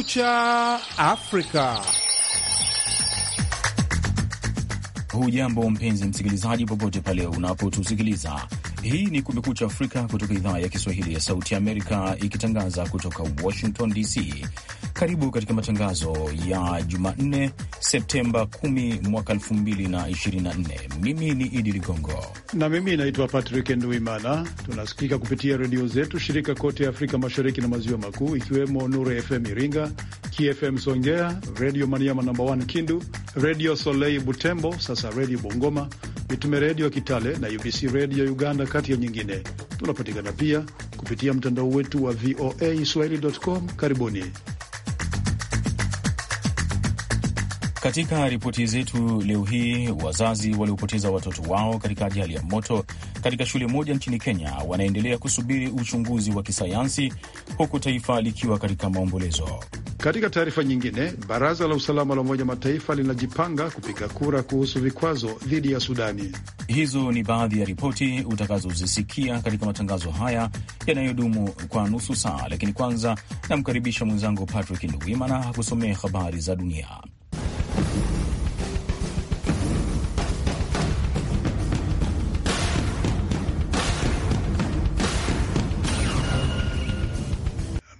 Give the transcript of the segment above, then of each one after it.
Kumekucha Afrika. Hujambo mpenzi msikilizaji, popote pale unapotusikiliza. Hii ni Kumekucha Afrika kutoka idhaa ya Kiswahili ya Sauti Amerika, ikitangaza kutoka Washington DC. Karibu katika matangazo ya Jumanne, Septemba 10 mwaka 2024. Mimi ni Idi Ligongo na mimi naitwa Patrick Nduimana. Tunasikika kupitia redio zetu shirika kote Afrika Mashariki na Maziwa Makuu, ikiwemo Nure FM Iringa, KFM Songea, Redio Maniama namba 1 Kindu, Redio Solei Butembo, sasa Redio Bongoma, Mitume Redio Kitale na UBC Redio Uganda, kati ya nyingine. Tunapatikana pia kupitia mtandao wetu wa VOA Swahili.com. Karibuni. Katika ripoti zetu leo hii, wazazi waliopoteza watoto wao katika ajali ya moto katika shule moja nchini Kenya wanaendelea kusubiri uchunguzi wa kisayansi huku taifa likiwa katika maombolezo. Katika taarifa nyingine, baraza la usalama la Umoja Mataifa linajipanga kupiga kura kuhusu vikwazo dhidi ya Sudani. Hizo ni baadhi ya ripoti utakazozisikia katika matangazo haya yanayodumu kwa nusu saa, lakini kwanza namkaribisha mwenzangu Patrick Nduwimana akusomee habari za dunia.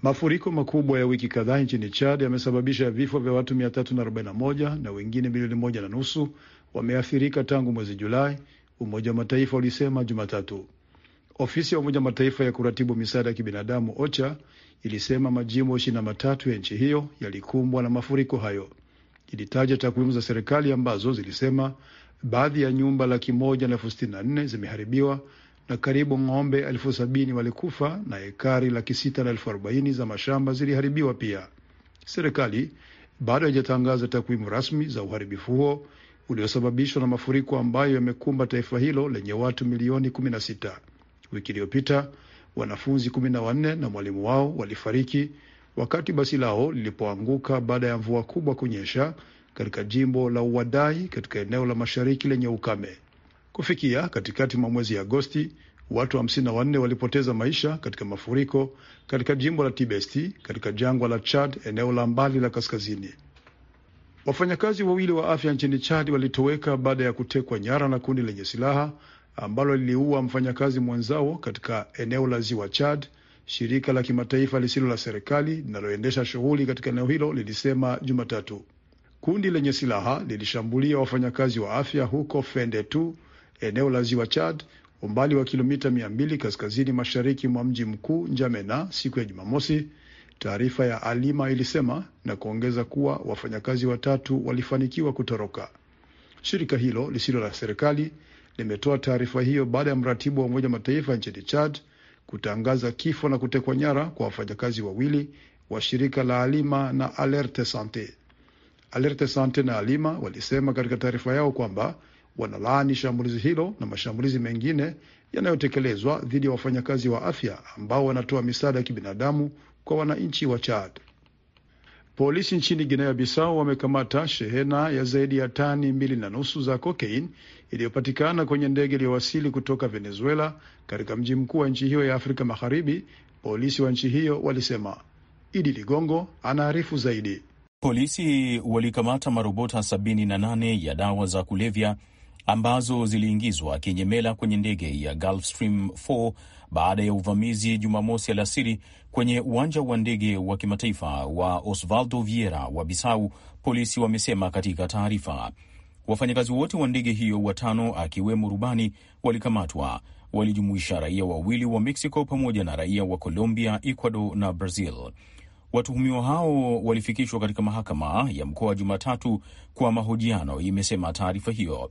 Mafuriko makubwa ya wiki kadhaa nchini Chad yamesababisha vifo vya watu 341 na wengine milioni moja na nusu wameathirika tangu mwezi Julai, Umoja wa Mataifa ulisema Jumatatu. Ofisi ya Umoja Mataifa ya kuratibu misaada ya kibinadamu OCHA ilisema majimbo ishirini na matatu ya nchi hiyo yalikumbwa na mafuriko hayo. Ilitaja takwimu za serikali ambazo zilisema baadhi ya nyumba laki moja na elfu sitini na nne zimeharibiwa na karibu ng'ombe elfu sabini walikufa na hekari laki sita na elfu arobaini za mashamba ziliharibiwa pia. Serikali bado haijatangaza takwimu rasmi za uharibifu huo uliosababishwa na mafuriko ambayo yamekumba taifa hilo lenye watu milioni 16. Wiki iliyopita wanafunzi 14 na mwalimu wao walifariki wakati basi lao lilipoanguka baada ya mvua kubwa kunyesha katika jimbo la Uwadai katika eneo la mashariki lenye ukame. Kufikia katikati mwa mwezi Agosti, watu hamsini wanne walipoteza maisha katika mafuriko katika jimbo la Tibesti katika jangwa la Chad, eneo la mbali la kaskazini. Wafanyakazi wawili wa afya nchini Chad walitoweka baada ya kutekwa nyara na kundi lenye silaha ambalo liliua mfanyakazi mwenzao katika eneo la ziwa Chad. Shirika la kimataifa lisilo la serikali linaloendesha shughuli katika eneo hilo lilisema Jumatatu kundi lenye silaha lilishambulia wafanyakazi wa afya huko Fende tu eneo la ziwa Chad, umbali wa kilomita 200 kaskazini mashariki mwa mji mkuu Njamena siku ya Jumamosi, taarifa ya Alima ilisema na kuongeza kuwa wafanyakazi watatu walifanikiwa kutoroka. Shirika hilo lisilo la serikali limetoa taarifa hiyo baada ya mratibu wa Umoja Mataifa nchini Chad kutangaza kifo na kutekwa nyara kwa wafanyakazi wawili wa shirika la Alima na Alerte Sante. Alerte Sante na Alima walisema katika taarifa yao kwamba wanalaani shambulizi hilo na mashambulizi mengine yanayotekelezwa dhidi ya wafanyakazi wa afya ambao wanatoa misaada ya kibinadamu kwa wananchi wa Chad. Polisi nchini Guinea Bissau wamekamata shehena ya zaidi ya tani mbili na nusu za kokeini iliyopatikana kwenye ndege iliyowasili kutoka Venezuela katika mji mkuu wa nchi hiyo ya Afrika Magharibi, polisi wa nchi hiyo walisema. Idi Ligongo anaarifu zaidi. Polisi walikamata marobota 78 ya dawa za kulevya ambazo ziliingizwa kinyemela kwenye ndege ya Gulfstream 4 baada ya uvamizi Jumamosi alasiri kwenye uwanja wa ndege wa kimataifa wa Osvaldo Vieira wa Bisau, polisi wamesema katika taarifa. Wafanyakazi wote wa ndege hiyo watano, akiwemo rubani, walikamatwa. Walijumuisha raia wawili wa Mexico pamoja na raia wa Colombia, Ecuador na Brazil. Watuhumiwa hao walifikishwa katika mahakama ya mkoa Jumatatu kwa mahojiano, imesema taarifa hiyo.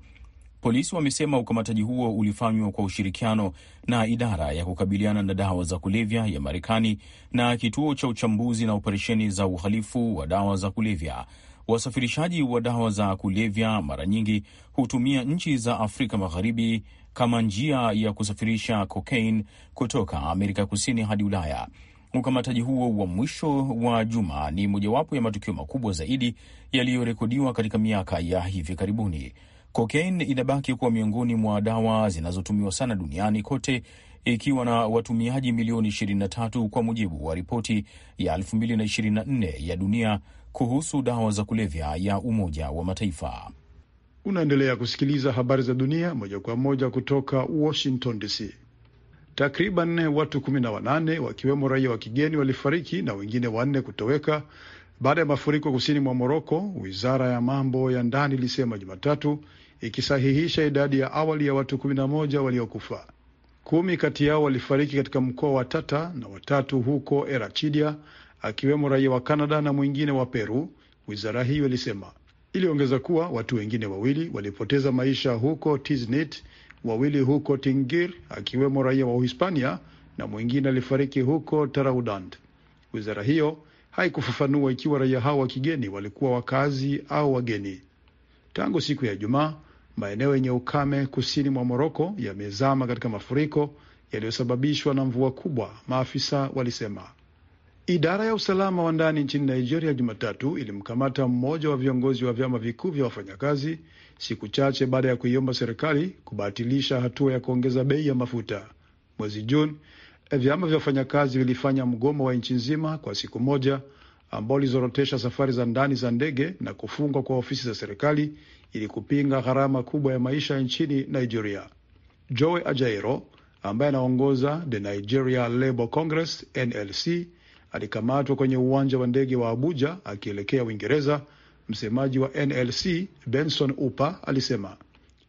Polisi wamesema ukamataji huo ulifanywa kwa ushirikiano na idara ya kukabiliana na dawa za kulevya ya Marekani na kituo cha uchambuzi na operesheni za uhalifu wa dawa za kulevya. Wasafirishaji wa dawa za kulevya mara nyingi hutumia nchi za Afrika Magharibi kama njia ya kusafirisha kokaini kutoka Amerika Kusini hadi Ulaya. Ukamataji huo wa mwisho wa juma ni mojawapo ya matukio makubwa zaidi yaliyorekodiwa katika miaka ya hivi karibuni. Kokaini inabaki kuwa miongoni mwa dawa zinazotumiwa sana duniani kote ikiwa na watumiaji milioni 23 kwa mujibu wa ripoti ya 2024 ya dunia kuhusu dawa za kulevya ya Umoja wa Mataifa. Unaendelea kusikiliza habari za dunia moja kwa moja kutoka Washington DC. Takriban watu 18 wakiwemo raia wa kigeni walifariki na wengine wanne kutoweka baada ya mafuriko kusini mwa Moroko, wizara ya mambo ya ndani ilisema Jumatatu, ikisahihisha idadi ya awali ya watu 11 waliokufa. Kumi kati yao walifariki katika mkoa wa Tata na watatu huko Erachidia, akiwemo raia wa Kanada na mwingine wa Peru, wizara hiyo ilisema. Iliongeza kuwa watu wengine wawili walipoteza maisha huko Tiznit, wawili huko Tingir, akiwemo raia wa Uhispania na mwingine alifariki huko Taraudand. Wizara hiyo haikufafanua ikiwa raia hao wa kigeni walikuwa wakazi au wageni. Tangu siku ya Ijumaa, Maeneo yenye ukame kusini mwa Moroko yamezama katika mafuriko yaliyosababishwa na mvua kubwa, maafisa walisema. Idara ya usalama wa ndani nchini Nigeria Jumatatu ilimkamata mmoja wa viongozi wa vyama vikuu vya wafanyakazi siku chache baada ya kuiomba serikali kubatilisha hatua ya kuongeza bei ya mafuta. Mwezi Juni, vyama vya wafanyakazi vilifanya mgomo wa nchi nzima kwa siku moja ambao ulizorotesha safari za ndani za ndege na kufungwa kwa ofisi za serikali ili kupinga gharama kubwa ya maisha nchini Nigeria. Joe Ajaero ambaye anaongoza the Nigeria Labour Congress NLC alikamatwa kwenye uwanja wa ndege wa Abuja akielekea Uingereza. Msemaji wa NLC Benson Upa alisema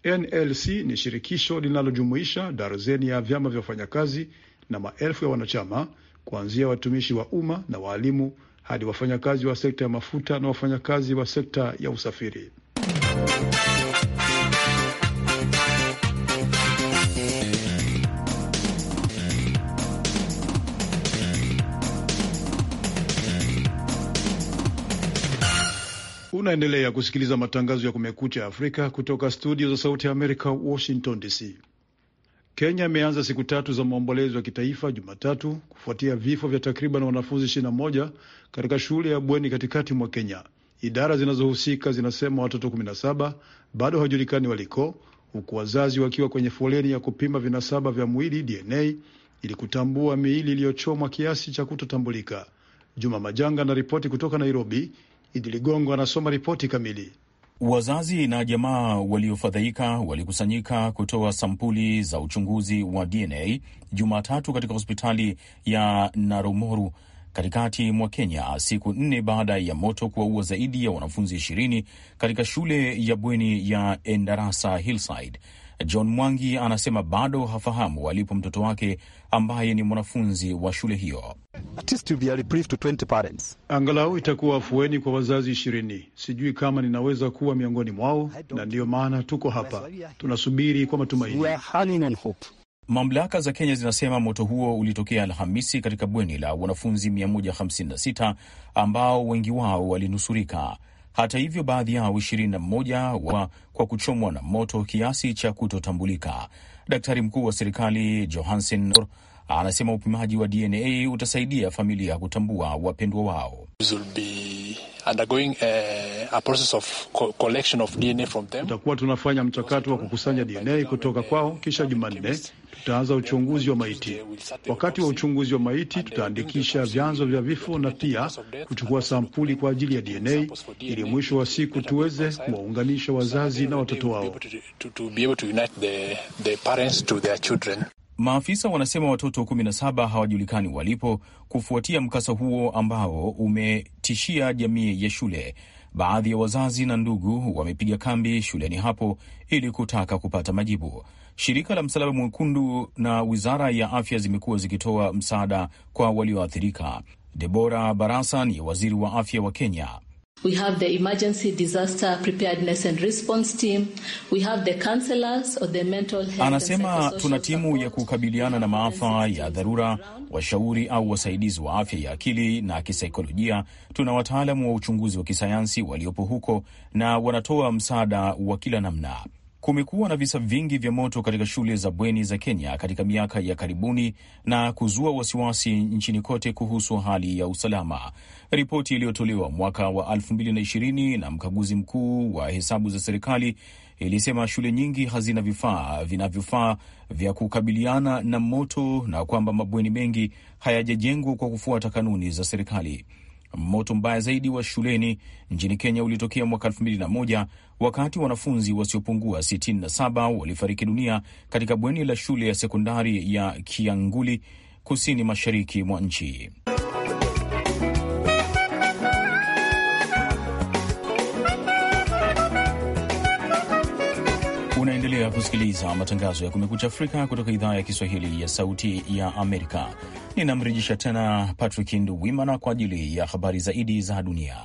NLC ni shirikisho linalojumuisha darzeni ya vyama vya wafanyakazi na maelfu ya wanachama kuanzia watumishi wa umma na waalimu hadi wafanyakazi wa sekta ya mafuta na wafanyakazi wa sekta ya usafiri. Unaendelea kusikiliza matangazo ya Kumekucha Afrika kutoka studio za Sauti ya Amerika, Washington DC. Kenya imeanza siku tatu za maombolezo ya kitaifa Jumatatu kufuatia vifo vya takriban wanafunzi 21 moja katika shule ya bweni katikati mwa Kenya. Idara zinazohusika zinasema watoto 17 bado hawajulikani waliko, huku wazazi wakiwa kwenye foleni ya kupima vinasaba vya mwili DNA ili kutambua miili iliyochomwa kiasi cha kutotambulika. Juma Majanga anaripoti kutoka Nairobi. Idi Ligongo anasoma ripoti kamili. Wazazi na jamaa waliofadhaika walikusanyika kutoa sampuli za uchunguzi wa DNA Jumatatu katika hospitali ya Narumoru katikati mwa Kenya, siku nne baada ya moto kuwaua zaidi ya wanafunzi ishirini katika shule ya bweni ya Endarasa Hillside. John Mwangi anasema bado hafahamu alipo mtoto wake ambaye ni mwanafunzi wa shule hiyo. Angalau itakuwa afueni kwa wazazi ishirini. Sijui kama ninaweza kuwa miongoni mwao, na ndiyo maana tuko hapa, tunasubiri kwa matumaini. Mamlaka za Kenya zinasema moto huo ulitokea Alhamisi katika bweni la wanafunzi 156 ambao wengi wao walinusurika. Hata hivyo, baadhi yao ishirini na mmoja wa kwa kuchomwa na moto kiasi cha kutotambulika. Daktari mkuu wa serikali Johansen anasema upimaji wa DNA utasaidia familia kutambua wapendwa wao. Tutakuwa tunafanya mchakato wa kukusanya DNA kutoka kwao, kisha Jumanne tutaanza uchunguzi wa maiti. Wakati wa uchunguzi wa maiti, tutaandikisha vyanzo vya vifo na pia kuchukua sampuli kwa ajili ya DNA ili mwisho wa siku tuweze kuwaunganisha wazazi na watoto wao. Maafisa wanasema watoto 17 hawajulikani walipo kufuatia mkasa huo ambao umetishia jamii ya shule. Baadhi ya wazazi na ndugu wamepiga kambi shuleni hapo ili kutaka kupata majibu. Shirika la Msalaba Mwekundu na Wizara ya Afya zimekuwa zikitoa msaada kwa walioathirika. Debora Barasa ni waziri wa afya wa Kenya. We have the emergency disaster preparedness and response team. We have the counselors or the mental health. Anasema tuna timu ya kukabiliana na maafa ya dharura, washauri au wasaidizi wa afya ya akili na kisaikolojia. Tuna wataalamu wa uchunguzi wa kisayansi waliopo huko na wanatoa msaada wa kila namna. Kumekuwa na visa vingi vya moto katika shule za bweni za Kenya katika miaka ya karibuni na kuzua wasiwasi nchini kote kuhusu hali ya usalama. Ripoti iliyotolewa mwaka wa 2020 na mkaguzi mkuu wa hesabu za serikali ilisema shule nyingi hazina vifaa vinavyofaa vya kukabiliana na moto na kwamba mabweni mengi hayajajengwa kwa kufuata kanuni za serikali. Moto mbaya zaidi wa shuleni nchini Kenya ulitokea mwaka 2001 wakati wanafunzi wasiopungua 67 walifariki dunia katika bweni la shule ya sekondari ya Kianguli kusini mashariki mwa nchi. Unaendelea kusikiliza matangazo ya Kumekucha Afrika kutoka idhaa ya Kiswahili ya Sauti ya Amerika. Ninamrejesha tena Patrick Nduwimana kwa ajili ya habari zaidi za dunia.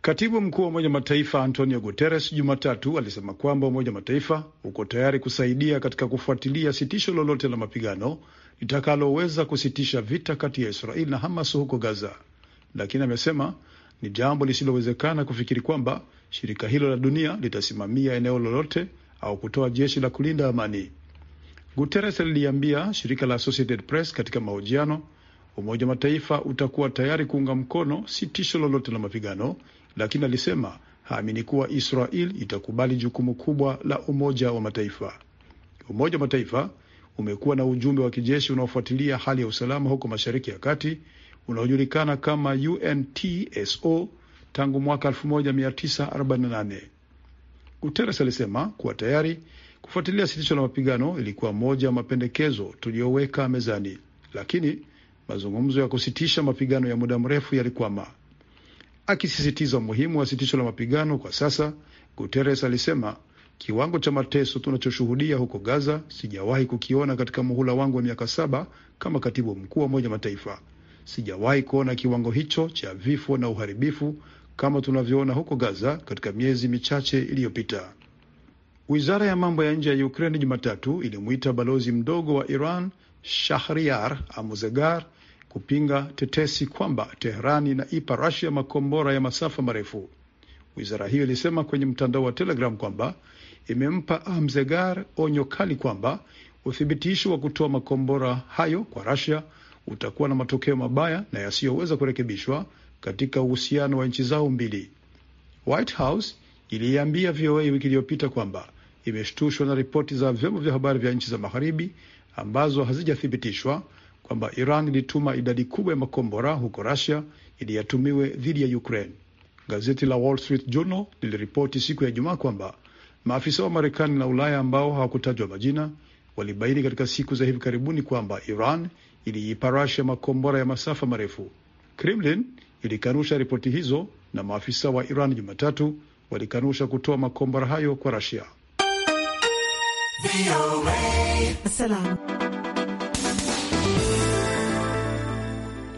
Katibu mkuu wa Umoja Mataifa Antonio Guterres Jumatatu alisema kwamba Umoja Mataifa uko tayari kusaidia katika kufuatilia sitisho lolote la mapigano litakaloweza kusitisha vita kati ya Israeli na Hamas huko Gaza, lakini amesema ni jambo lisilowezekana kufikiri kwamba shirika hilo la dunia litasimamia eneo lolote au kutoa jeshi la kulinda amani. Guterres aliliambia shirika la Associated Press katika mahojiano, Umoja wa Mataifa utakuwa tayari kuunga mkono sitisho lolote la mapigano, lakini alisema haamini kuwa Israel itakubali jukumu kubwa la Umoja wa Mataifa. Umoja wa Mataifa umekuwa na ujumbe wa kijeshi unaofuatilia hali ya usalama huko Mashariki ya Kati unaojulikana kama UNTSO tangu mwaka 1948. Guterres alisema kuwa tayari kufuatilia sitisho la mapigano ilikuwa moja ya mapendekezo tuliyoweka mezani, lakini mazungumzo ya kusitisha mapigano ya muda mrefu yalikwama. Akisisitiza umuhimu wa sitisho la mapigano kwa sasa, Guterres alisema Kiwango cha mateso tunachoshuhudia huko Gaza sijawahi kukiona katika muhula wangu wa miaka saba kama katibu mkuu wa Umoja Mataifa. Sijawahi kuona kiwango hicho cha vifo na uharibifu kama tunavyoona huko Gaza katika miezi michache iliyopita. Wizara ya mambo ya nje ya Ukraini Jumatatu ilimwita balozi mdogo wa Iran Shahriar Amuzegar kupinga tetesi kwamba Teherani inaipa Rasia makombora ya masafa marefu. Wizara hiyo ilisema kwenye mtandao wa Telegram kwamba imempa Amzegar onyo kali kwamba uthibitisho wa kutoa makombora hayo kwa Russia utakuwa na matokeo mabaya na yasiyoweza kurekebishwa katika uhusiano wa nchi zao mbili. White House iliiambia VOA wiki iliyopita kwamba imeshtushwa na ripoti za vyombo vya habari vya nchi za magharibi ambazo hazijathibitishwa kwamba Iran ilituma idadi kubwa ya makombora huko Russia ili yatumiwe dhidi ya Ukraine. Gazeti la Wall Street Journal liliripoti siku ya Ijumaa kwamba Maafisa wa Marekani na Ulaya ambao hawakutajwa majina walibaini katika siku za hivi karibuni kwamba Iran iliipa Rasha makombora ya masafa marefu. Kremlin ilikanusha ripoti hizo na maafisa wa Iran Jumatatu walikanusha kutoa makombora hayo kwa Rasia.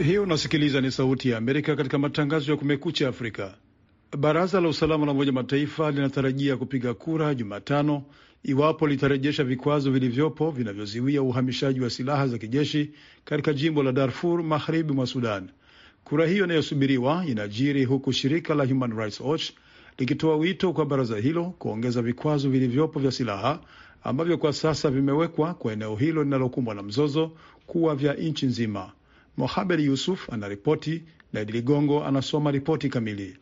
Hiyo unasikiliza ni Sauti ya Amerika katika matangazo ya Kumekucha Afrika. Baraza la usalama la Umoja Mataifa linatarajia kupiga kura Jumatano iwapo litarejesha vikwazo vilivyopo vinavyoziwia uhamishaji wa silaha za kijeshi katika jimbo la Darfur magharibi mwa Sudan. Kura hiyo inayosubiriwa inajiri huku shirika la Human Rights Watch likitoa wito kwa baraza hilo kuongeza vikwazo vilivyopo vya silaha ambavyo kwa sasa vimewekwa kwa eneo hilo linalokumbwa na mzozo kuwa vya nchi nzima. Mohamed Yusuf anaripoti na Idi Ligongo anasoma ripoti kamili.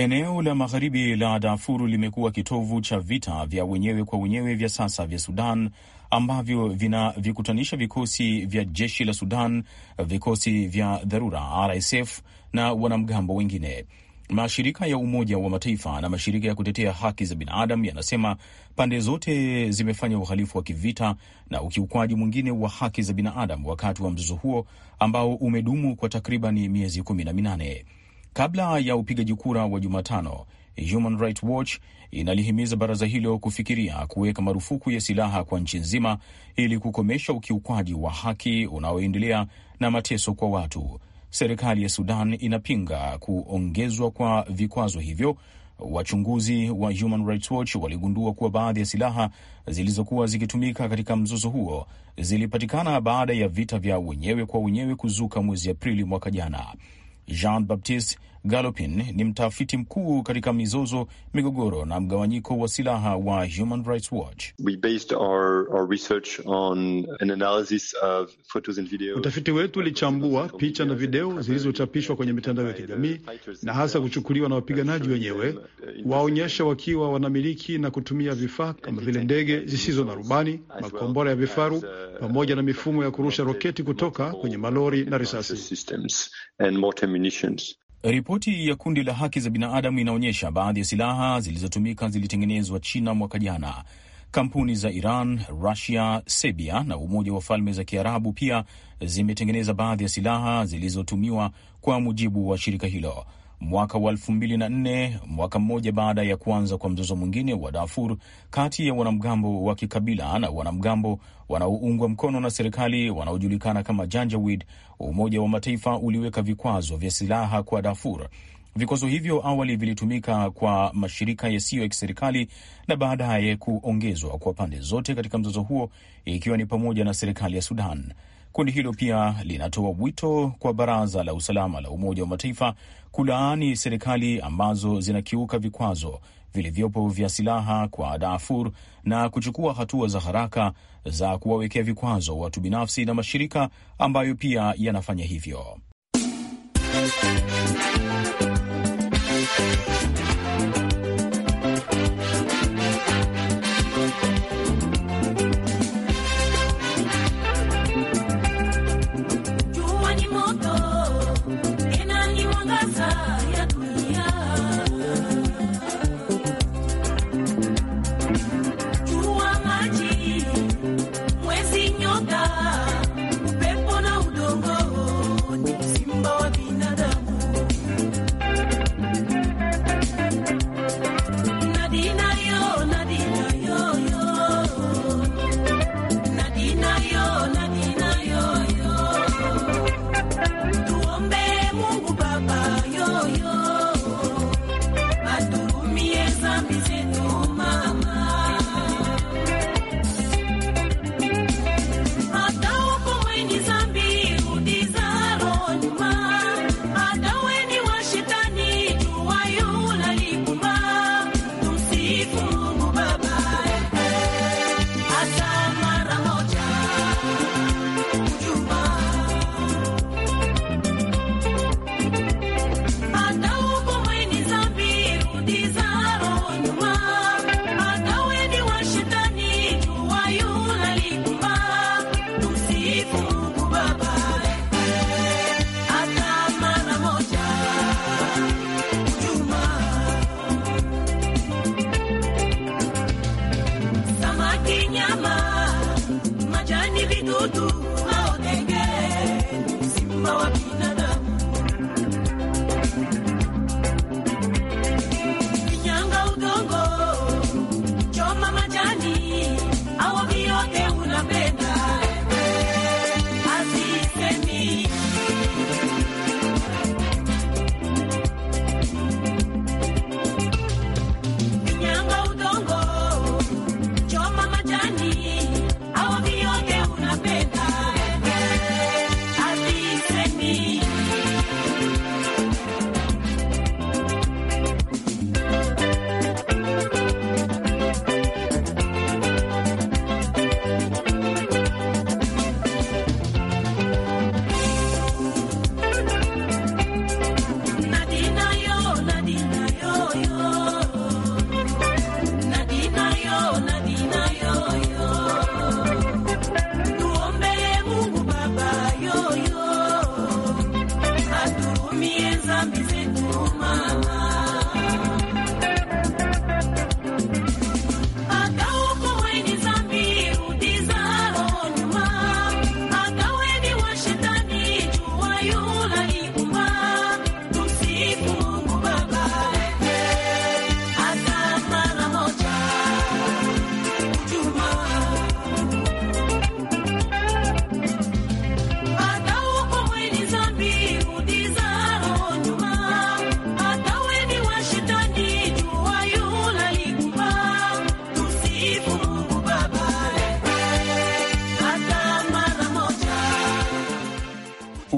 Eneo la magharibi la Darfur limekuwa kitovu cha vita vya wenyewe kwa wenyewe vya sasa vya Sudan ambavyo vinavikutanisha vikosi vya jeshi la Sudan, vikosi vya dharura RSF na wanamgambo wengine. Mashirika ya Umoja wa Mataifa na mashirika ya kutetea haki za binadamu yanasema pande zote zimefanya uhalifu wa kivita na ukiukwaji mwingine wa haki za binadamu wakati wa mzozo huo ambao umedumu kwa takribani miezi kumi na minane. Kabla ya upigaji kura wa Jumatano, Human Rights Watch inalihimiza baraza hilo kufikiria kuweka marufuku ya silaha kwa nchi nzima ili kukomesha ukiukwaji wa haki unaoendelea na mateso kwa watu. Serikali ya Sudan inapinga kuongezwa kwa vikwazo hivyo. Wachunguzi wa Human Rights Watch waligundua kuwa baadhi ya silaha zilizokuwa zikitumika katika mzozo huo zilipatikana baada ya vita vya wenyewe kwa wenyewe kuzuka mwezi Aprili mwaka jana. Jean Baptiste Galopin ni mtafiti mkuu katika mizozo, migogoro na mgawanyiko wa silaha wa Human Rights Watch. Utafiti wetu ulichambua picha na video zilizochapishwa kwenye mitandao ya kijamii na hasa kuchukuliwa na wapiganaji wenyewe, waonyesha wakiwa wanamiliki na kutumia vifaa kama vile ndege zisizo na rubani, makombora ya vifaru, pamoja na mifumo ya kurusha roketi kutoka kwenye malori na risasi. Ripoti ya kundi la haki za binadamu inaonyesha baadhi ya silaha zilizotumika zilitengenezwa China mwaka jana. Kampuni za Iran, Rusia, Serbia na Umoja wa Falme za Kiarabu pia zimetengeneza baadhi ya silaha zilizotumiwa, kwa mujibu wa shirika hilo mwaka wa elfu mbili na nne, mwaka mmoja baada ya kuanza kwa mzozo mwingine wa Darfur kati ya wanamgambo wa kikabila na wanamgambo wanaoungwa mkono na serikali wanaojulikana kama Janjaweed. Umoja wa Mataifa uliweka vikwazo vya silaha kwa Darfur. Vikwazo hivyo awali vilitumika kwa mashirika yasiyo ya kiserikali na baadaye kuongezwa kwa pande zote katika mzozo huo, ikiwa ni pamoja na serikali ya Sudan. Kundi hilo pia linatoa wito kwa Baraza la Usalama la Umoja wa Mataifa kulaani serikali ambazo zinakiuka vikwazo vilivyopo vya silaha kwa Darfur na kuchukua hatua za haraka za kuwawekea vikwazo watu binafsi na mashirika ambayo pia yanafanya hivyo.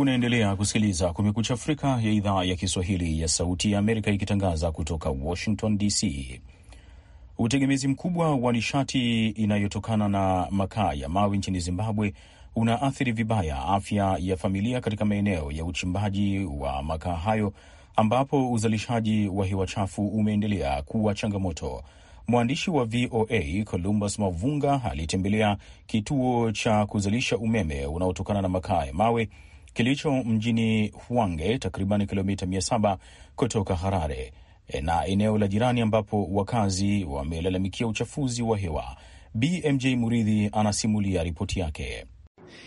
unaendelea kusikiliza Kumekucha Afrika ya idhaa ya Kiswahili ya Sauti ya Amerika ikitangaza kutoka Washington DC. Utegemezi mkubwa wa nishati inayotokana na makaa ya mawe nchini Zimbabwe unaathiri vibaya afya ya familia katika maeneo ya uchimbaji wa makaa hayo ambapo uzalishaji wa hewa chafu umeendelea kuwa changamoto. Mwandishi wa VOA Columbus Mavunga alitembelea kituo cha kuzalisha umeme unaotokana na makaa ya mawe kilicho mjini Hwange, takriban kilomita 7 kutoka Harare e, na eneo la jirani ambapo wakazi wamelalamikia uchafuzi wa hewa. BMJ Muridhi anasimulia ripoti yake.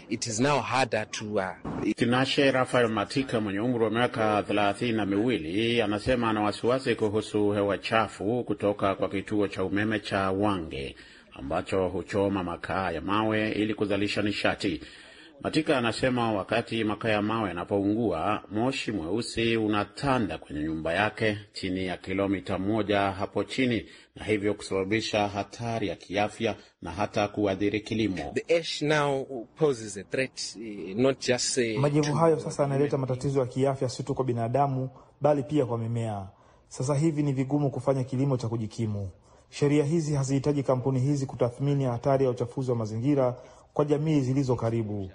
It is now harder to, uh... Tinashe Rafael Matika mwenye umri wa miaka thelathini na miwili anasema ana wasiwasi kuhusu hewa chafu kutoka kwa kituo cha umeme cha Wange ambacho huchoma makaa ya mawe ili kuzalisha nishati. Matika anasema wakati makaa ya mawe yanapoungua, moshi mweusi unatanda kwenye nyumba yake chini ya kilomita moja hapo chini, na hivyo kusababisha hatari ya kiafya na hata kuadhiri kilimo. Eh, eh, Majivu hayo sasa yanaleta matatizo ya kiafya si tu kwa binadamu, bali pia kwa mimea. Sasa hivi ni vigumu kufanya kilimo cha kujikimu. Sheria hizi hazihitaji kampuni hizi kutathmini hatari ya uchafuzi wa mazingira kwa jamii zilizo karibu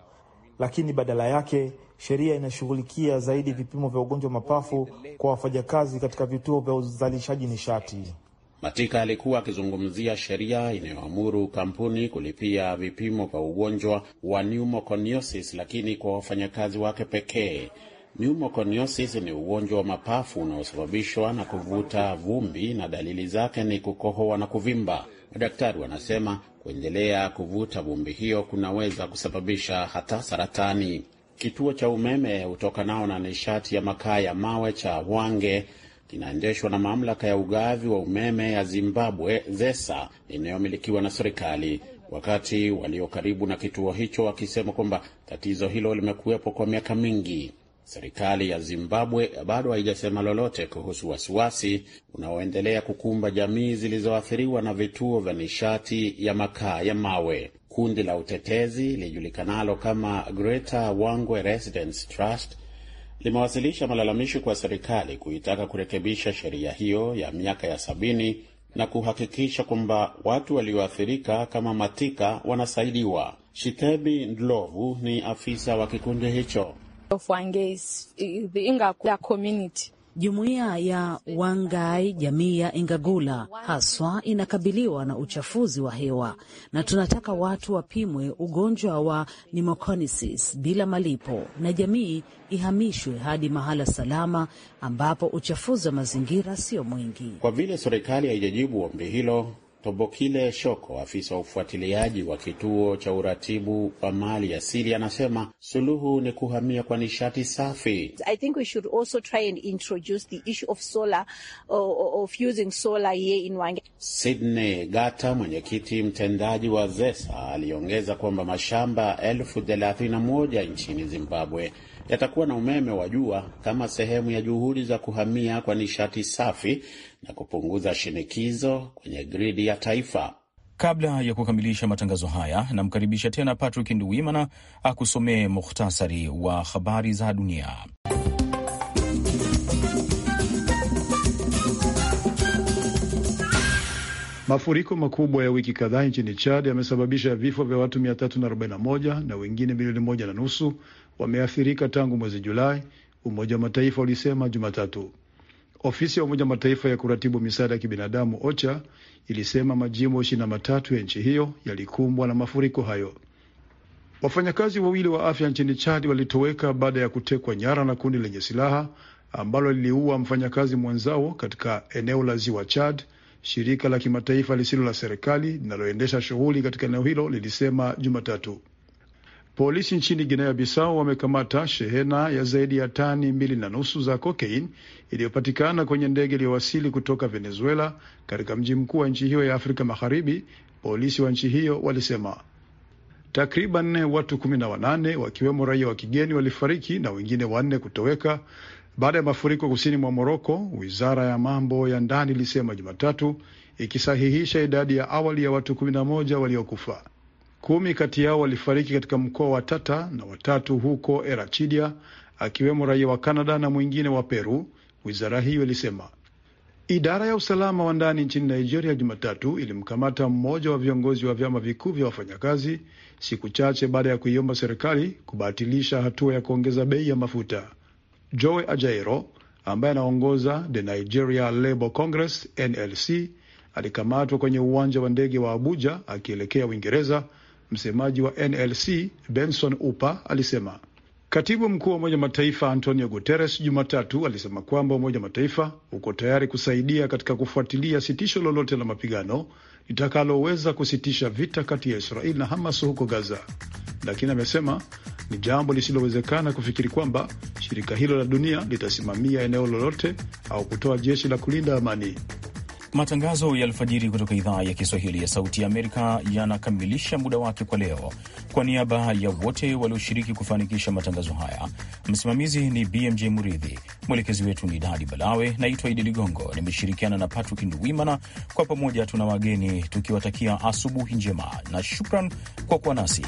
lakini badala yake sheria inashughulikia zaidi vipimo vya ugonjwa wa mapafu kwa wafanyakazi katika vituo vya uzalishaji nishati. Matika alikuwa akizungumzia sheria inayoamuru kampuni kulipia vipimo vya ugonjwa wa pneumoconiosis, lakini kwa wafanyakazi wake pekee. Pneumoconiosis ni ugonjwa wa mapafu unaosababishwa na kuvuta vumbi na dalili zake ni kukohoa na kuvimba. Madaktari wanasema kuendelea kuvuta vumbi hiyo kunaweza kusababisha hata saratani. Kituo cha umeme utokanao na nishati ya makaa ya mawe cha Wange kinaendeshwa na mamlaka ya ugavi wa umeme ya Zimbabwe, ZESA, inayomilikiwa na serikali, wakati walio karibu na kituo hicho wakisema kwamba tatizo hilo limekuwepo kwa miaka mingi. Serikali ya Zimbabwe bado haijasema lolote kuhusu wasiwasi unaoendelea kukumba jamii zilizoathiriwa na vituo vya nishati ya makaa ya mawe. Kundi la utetezi lijulikanalo kama Greater Wangwe Residents Trust limewasilisha malalamishi kwa serikali kuitaka kurekebisha sheria hiyo ya miaka ya sabini na kuhakikisha kwamba watu walioathirika kama matika wanasaidiwa. Shitebi Ndlovu ni afisa wa kikundi hicho of Wangays, the Ingakula community. Jumuiya ya Wangai, jamii ya Ingagula haswa, inakabiliwa na uchafuzi wa hewa, na tunataka watu wapimwe ugonjwa wa pneumoconiosis bila malipo, na jamii ihamishwe hadi mahala salama ambapo uchafuzi wa mazingira sio mwingi. Kwa vile serikali haijajibu ombi hilo Tobokile Shoko, afisa wa ufuatiliaji wa kituo cha uratibu wa mali asili, anasema suluhu ni kuhamia kwa nishati safi. Sydney uh, Gata, mwenyekiti mtendaji wa ZESA, aliongeza kwamba mashamba elfu thelathini na moja nchini Zimbabwe yatakuwa na umeme wa jua kama sehemu ya juhudi za kuhamia kwa nishati safi na kupunguza shinikizo kwenye gridi ya taifa. Kabla ya kukamilisha matangazo haya, namkaribisha tena Patrick Nduwimana akusomee muhtasari wa habari za dunia. Mafuriko makubwa ya wiki kadhaa nchini Chad yamesababisha vifo vya watu 341 na wengine milioni moja na nusu wameathirika tangu mwezi Julai, Umoja wa Mataifa ulisema Jumatatu. Ofisi ya Umoja Mataifa ya kuratibu misaada ya kibinadamu OCHA ilisema majimbo ishirini na matatu ya nchi hiyo yalikumbwa na mafuriko hayo. Wafanyakazi wawili wa afya nchini Chad walitoweka baada ya kutekwa nyara na kundi lenye silaha ambalo liliua mfanyakazi mwenzao katika eneo la ziwa Chad. Shirika la kimataifa lisilo la serikali linaloendesha shughuli katika eneo hilo lilisema Jumatatu. Polisi nchini Guinea Bissau wamekamata shehena ya zaidi ya tani mbili na nusu za kokain iliyopatikana kwenye ndege iliyowasili kutoka Venezuela katika mji mkuu wa nchi hiyo ya Afrika Magharibi. Polisi wa nchi hiyo walisema takriban watu kumi na wanane wakiwemo raia wa kigeni walifariki na wengine wanne kutoweka baada ya mafuriko kusini mwa Moroko, wizara ya mambo ya ndani ilisema Jumatatu, ikisahihisha idadi ya awali ya watu kumi na moja waliokufa. Kumi kati yao walifariki katika mkoa wa Tata na watatu huko Erachidia, akiwemo raia wa canada na mwingine wa Peru, wizara hiyo ilisema. Idara ya usalama wa ndani nchini Nigeria Jumatatu ilimkamata mmoja wa viongozi wa vyama vikuu vya wafanyakazi siku chache baada ya kuiomba serikali kubatilisha hatua ya kuongeza bei ya mafuta. Joe Ajaero ambaye anaongoza The Nigeria Labour Congress NLC alikamatwa kwenye uwanja wa ndege wa Abuja akielekea Uingereza Msemaji wa NLC Benson Upa alisema. Katibu mkuu wa Umoja Mataifa Antonio Guterres Jumatatu alisema kwamba Umoja Mataifa uko tayari kusaidia katika kufuatilia sitisho lolote la mapigano litakaloweza kusitisha vita kati ya Israeli na Hamas huko Gaza, lakini amesema ni jambo lisilowezekana kufikiri kwamba shirika hilo la dunia litasimamia eneo lolote au kutoa jeshi la kulinda amani. Matangazo ya alfajiri kutoka idhaa ya Kiswahili ya Sauti ya Amerika yanakamilisha muda wake kwa leo. Kwa niaba ya wote walioshiriki kufanikisha matangazo haya, msimamizi ni BMJ Muridhi, mwelekezi wetu ni Dadi Balawe. Naitwa Idi Ligongo, nimeshirikiana na Patrick Nduwimana. Kwa pamoja tuna wageni tukiwatakia asubuhi njema na shukran kwa kuwa nasi.